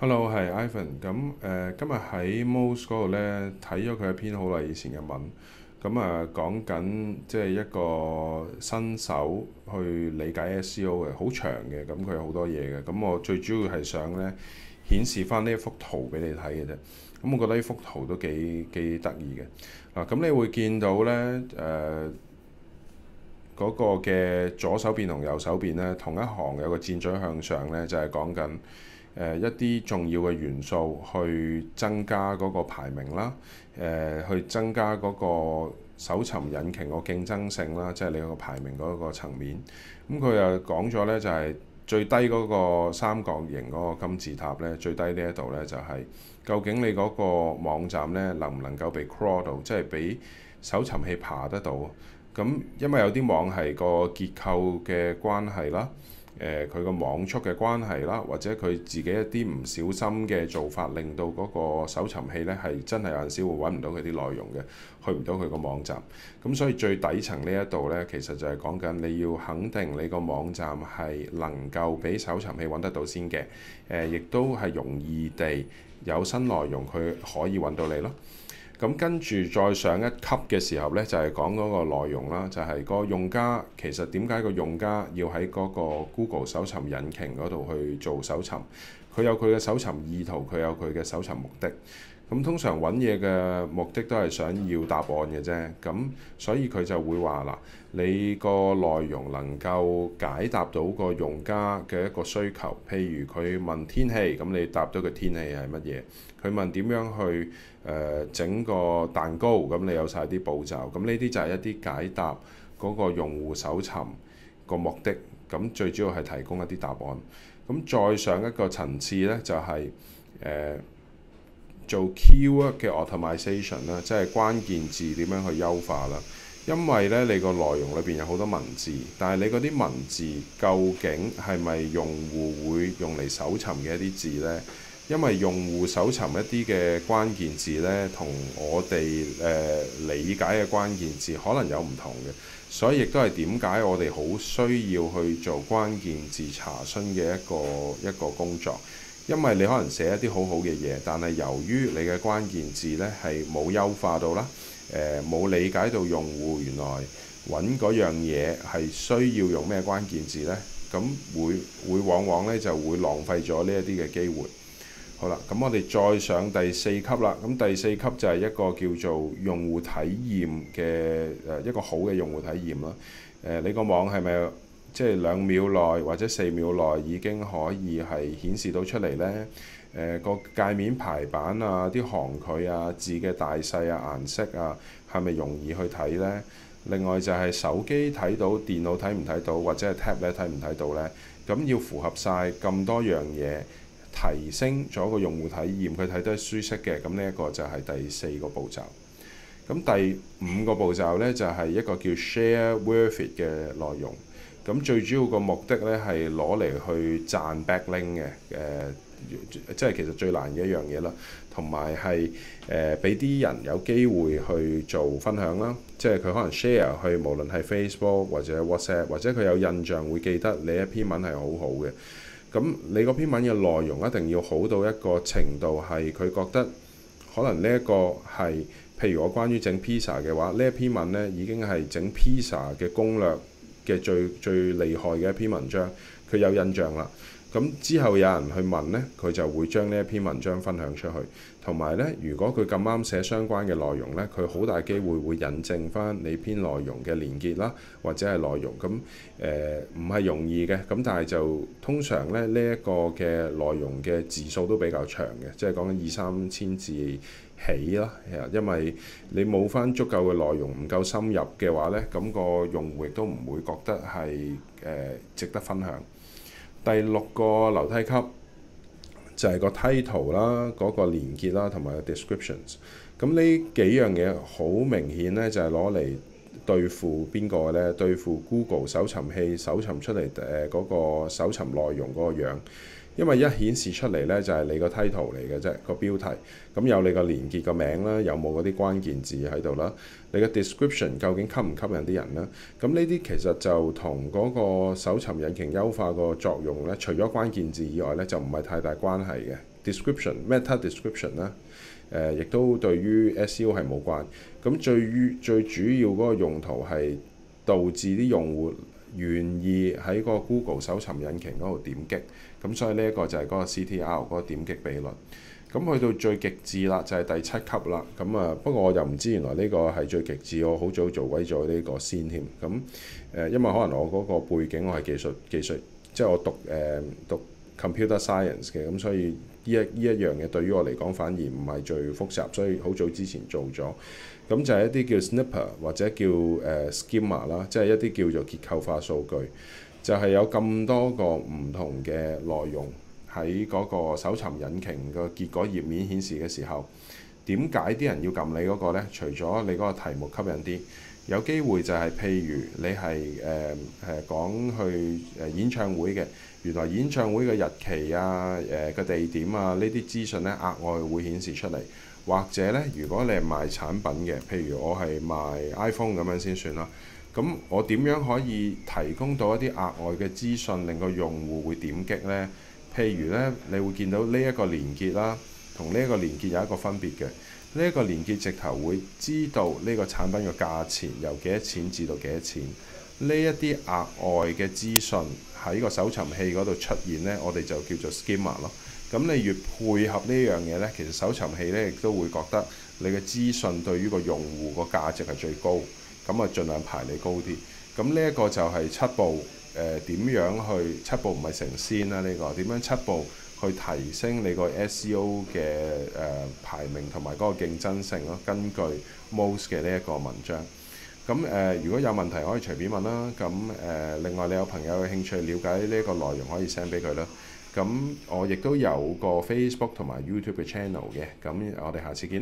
Hello，係 Ivan。咁誒，今日喺 Mose 嗰度咧睇咗佢一篇好耐以前嘅文，咁啊講緊即係一個新手去理解 SEO 嘅，好長嘅，咁佢有好多嘢嘅。咁我最主要係想咧顯示翻呢一幅圖俾你睇嘅啫。咁我覺得呢幅圖都幾幾得意嘅。嗱，咁你會見到咧誒嗰個嘅左手邊同右手邊咧同一行有個箭嘴向上咧，就係講緊。誒、呃、一啲重要嘅元素去增加嗰個排名啦，誒、呃、去增加嗰個搜尋引擎個競爭性啦，即係你個排名嗰個層面。咁、嗯、佢又講咗呢，就係、是、最低嗰個三角形嗰個金字塔呢，最低呢一度呢，就係究竟你嗰個網站呢，能唔能夠被 crawl 到，即係俾搜尋器爬得到。咁、嗯、因為有啲網係個結構嘅關係啦。誒、佢個網速嘅關係啦，或者佢自己一啲唔小心嘅做法，令到嗰個搜尋器呢係真係有陣時會揾唔到佢啲內容嘅，去唔到佢個網站。咁所以最底層呢一度呢，其實就係講緊你要肯定你個網站係能夠俾搜尋器揾得到先嘅。誒，亦都係容易地有新內容，佢可以揾到你咯。咁跟住再上一級嘅時候呢，就係講嗰個內容啦，就係個用家其實點解個用家要喺嗰個 Google 搜尋引擎嗰度去做搜尋？佢有佢嘅搜尋意圖，佢有佢嘅搜尋目的。咁通常揾嘢嘅目的都係想要答案嘅啫。咁所以佢就會話嗱，你個內容能夠解答到個用家嘅一個需求。譬如佢問天氣，咁你答咗個天氣係乜嘢？佢問點樣去誒整、呃、個蛋糕，咁你有晒啲步驟。咁呢啲就係一啲解答嗰個用戶搜尋個目的。咁最主要係提供一啲答案。咁再上一個層次呢，就係、是、誒、呃、做 keyword 嘅 optimization 啦，即係關鍵字點樣去優化啦。因為咧，你個內容裏邊有好多文字，但係你嗰啲文字究竟係咪用戶會用嚟搜尋嘅一啲字呢？因為用戶搜尋一啲嘅關鍵字呢，同我哋誒、呃、理解嘅關鍵字可能有唔同嘅。所以亦都係點解我哋好需要去做關鍵字查詢嘅一個一個工作，因為你可能寫一啲好好嘅嘢，但係由於你嘅關鍵字咧係冇優化到啦，誒、呃、冇理解到用戶原來揾嗰樣嘢係需要用咩關鍵字咧，咁會會往往咧就會浪費咗呢一啲嘅機會。好啦，咁我哋再上第四級啦。咁第四級就係一個叫做用戶體驗嘅誒、呃、一個好嘅用戶體驗啦。誒、呃，你個網係咪即係兩秒內或者四秒內已經可以係顯示到出嚟呢？誒、呃，個界面排版啊，啲行距啊，字嘅大細啊，顏色啊，係咪容易去睇呢？另外就係手機睇到，電腦睇唔睇到，或者係 tablet 睇唔睇到呢，咁要符合晒咁多樣嘢。提升咗個用戶體驗，佢睇得舒適嘅，咁呢一個就係第四個步驟。咁第五個步驟呢，就係一個叫 Share Worth It 嘅內容。咁最主要個目的呢，係攞嚟去賺 backlink 嘅，誒，即係其實最難嘅一樣嘢啦。同埋係誒俾啲人有機會去做分享啦，即係佢可能 share 去，無論係 Facebook 或者 WhatsApp，或者佢有印象會記得你一篇文係好好嘅。咁你嗰篇文嘅內容一定要好到一個程度，係佢覺得可能呢一個係，譬如我關於整 pizza 嘅話，呢一篇文呢已經係整 pizza 嘅攻略嘅最最厲害嘅一篇文章，佢有印象啦。咁之後有人去問呢，佢就會將呢一篇文章分享出去。同埋呢，如果佢咁啱寫相關嘅內容呢，佢好大機會會引證翻你篇內容嘅連結啦，或者係內容。咁誒唔係容易嘅。咁但係就通常咧，呢一個嘅內容嘅字數都比較長嘅，即係講緊二三千字起啦。其實因為你冇翻足夠嘅內容，唔夠深入嘅話呢，咁個用戶亦都唔會覺得係、呃、值得分享。第六個樓梯級就係、是、個 title 啦，嗰個連結啦，同埋 description。咁呢幾樣嘢好明顯咧，就係攞嚟。對付邊個呢？對付 Google 搜尋器搜尋出嚟誒嗰個搜尋內容嗰個樣，因為一顯示出嚟呢，就係你個 title 嚟嘅啫，個標題，咁有你個連結個名啦，有冇嗰啲關鍵字喺度啦？你個 description 究竟吸唔吸引啲人呢？咁呢啲其實就同嗰個搜尋引擎優化個作用呢，除咗關鍵字以外呢，就唔係太大關係嘅 description meta description 啦。亦都對於 SEO 係冇關。咁最於最主要嗰個用途係導致啲用戶願意喺個 Google 搜尋引擎嗰度點擊。咁所以呢一個就係嗰個 CTR 嗰個點擊比率。咁去到最極致啦，就係、是、第七級啦。咁啊，不過我又唔知原來呢個係最極致。我好早做鬼咗呢個先添。咁因為可能我嗰個背景我係技術技術，即係我讀誒、呃、讀 computer science 嘅，咁所以。呢一呢一樣嘢對於我嚟講反而唔係最複雜，所以好早之前做咗。咁就係一啲叫 snipper 或者叫誒 Schema 啦，即係一啲叫做結構化數據。就係、是、有咁多個唔同嘅內容喺嗰個搜尋引擎個結果頁面顯示嘅時候，點解啲人要撳你嗰個呢？除咗你嗰個題目吸引啲。有機會就係、是，譬如你係誒誒講去誒演唱會嘅，原來演唱會嘅日期啊、誒、呃、個地點啊，呢啲資訊咧額外會顯示出嚟。或者咧，如果你係賣產品嘅，譬如我係賣 iPhone 咁樣先算啦。咁我點樣可以提供到一啲額外嘅資訊，令個用戶會點擊咧？譬如咧，你會見到呢一個連結啦，同呢一個連結有一個分別嘅。呢一個連結直頭會知道呢個產品嘅價錢由幾多錢至到幾多錢，呢一啲額外嘅資訊喺呢個搜尋器嗰度出現，呢我哋就叫做 schema 咯。咁你越配合呢樣嘢，呢其實搜尋器呢亦都會覺得你嘅資訊對於個用戶個價值係最高，咁啊盡量排你高啲。咁呢一個就係七步誒點樣去？七步唔係成仙啦，呢、這個點樣七步？去提升你個 SEO 嘅誒排名同埋嗰個競爭性咯。根據 Most 嘅呢一個文章，咁誒如果有問題可以隨便問啦。咁誒另外你有朋友有興趣了解呢一個內容，可以 send 俾佢啦。咁我亦都有個 Facebook 同埋 YouTube 嘅 channel 嘅。咁我哋下次見啦。